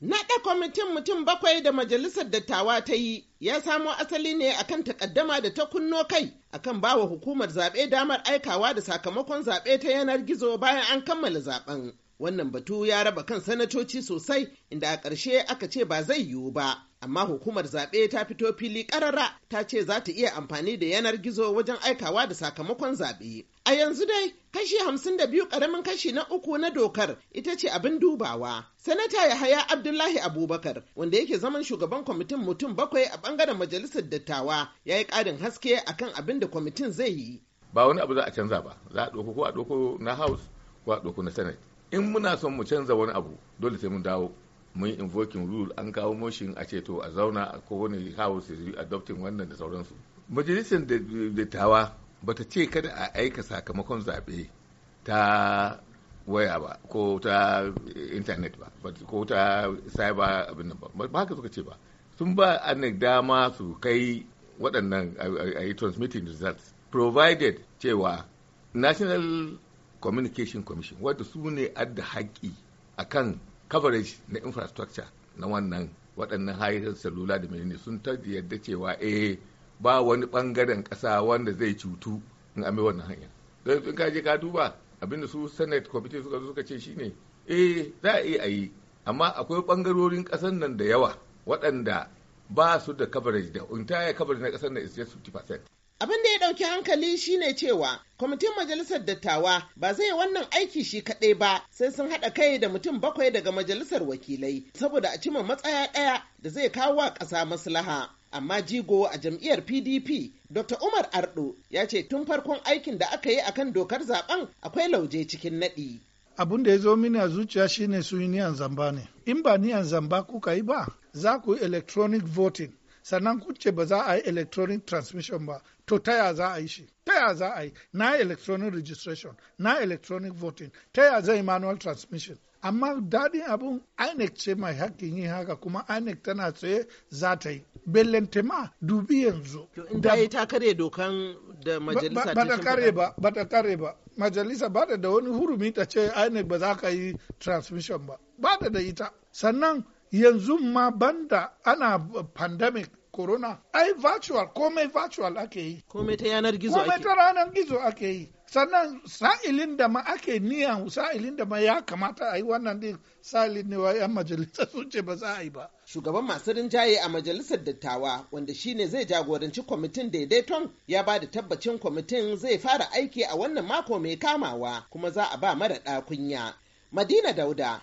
Naɗa kwamitin mutum bakwai da majalisar dattawa ta yi ya samo asali ne akan takaddama da ta kunno kai akan bawa hukumar zaɓe damar aikawa da sakamakon zaɓe ta yanar gizo bayan an kammala zaɓen. Wannan batu ya raba kan sanatoci sosai inda a ƙarshe aka ce ba zai yiwu ba. amma hukumar zaɓe ta fito fili ƙarara ta ce za ta iya amfani da yanar gizo wajen aikawa da sakamakon zaɓe. A yanzu dai kashi hamsin da biyu ƙaramin kashi na uku na dokar ita ce abin dubawa. Sanata ya haya Abdullahi Abubakar wanda yake zaman shugaban kwamitin mutum bakwai a ɓangaren majalisar dattawa ya yi ƙarin haske akan abin da kwamitin zai yi. Ba wani abu za a canza ba, za a ɗauko ko a ɗauko na House ko a ɗauko na Senate. In muna son mu canza wani abu dole sai mun dawo mun invoking rule an kawo motion a ce to a zauna a kowane house yi adopting wannan da sauransu majalisar dattawa ba ta ce kada a aika sakamakon zaɓe ta waya ba ko ta intanet ba ko ta cyber abin ba ba haka suka ce ba sun ba annan dama su kai waɗannan a yi transmitting results provided cewa national communication commission wadda su ne adda haƙƙi akan coverage na infrastructure na wannan waɗannan hayatar salula da menene sun da yadda cewa eh ba wani ɓangaren ƙasa wanda zai cutu in ame wannan hanya don in kaje ka duba abinda su senate committee suka suka ce shine eh za a iya ayi yi amma akwai ɓangarorin ƙasar nan da yawa waɗanda ba su da coverage da untaya coverage na ƙasar nan is just 50% Abin da ya ɗauki hankali shine cewa kwamitin majalisar dattawa ba zai wannan aiki shi kaɗai ba sai sun haɗa kai da mutum bakwai daga majalisar wakilai saboda a cima matsaya ɗaya da zai kawo wa ƙasa maslaha. Amma jigo a jam'iyyar PDP, Dr. Umar Ardo ya ce tun farkon aikin da aka yi akan dokar zaben akwai lauje cikin naɗi. Abun da ya zo mini a zuciya shine su yi niyan zamba ne. In ba niyan zamba kuka yi ba, za ku yi electronic voting. sannan kun ce ba za a yi electronic transmission ba to ta ya za a yi shi ta za a yi na electronic registration na electronic voting ta ya zai manual transmission amma daɗin abun inec ce mai hakkin yi haka kuma inec tana tsaye za ta yi bellentema dubi yanzu da yi ta kare dokan da majalisa ba ta ba ba ta kare ba majalisa ba da wani hurumi ta ce inec ba za ka yi transmission ba ba da ita sannan yanzu ma banda ana pandemic corona ai virtual komai virtual ake yi komai ta yanar gizo komai ta yanar gizo ake yi sannan sa'ilin da ma ake niyan sa'ilin da ma ya kamata a yi wannan din sa'ilin ne wa 'yan majalisa sun ce ba za a yi ba. Shugaban masu rinjaye a majalisar dattawa wanda shine zai jagoranci kwamitin daidaiton ya ba da tabbacin kwamitin zai fara aiki a wannan mako mai kamawa kuma za a ba mara ɗakunya. Madina Dauda,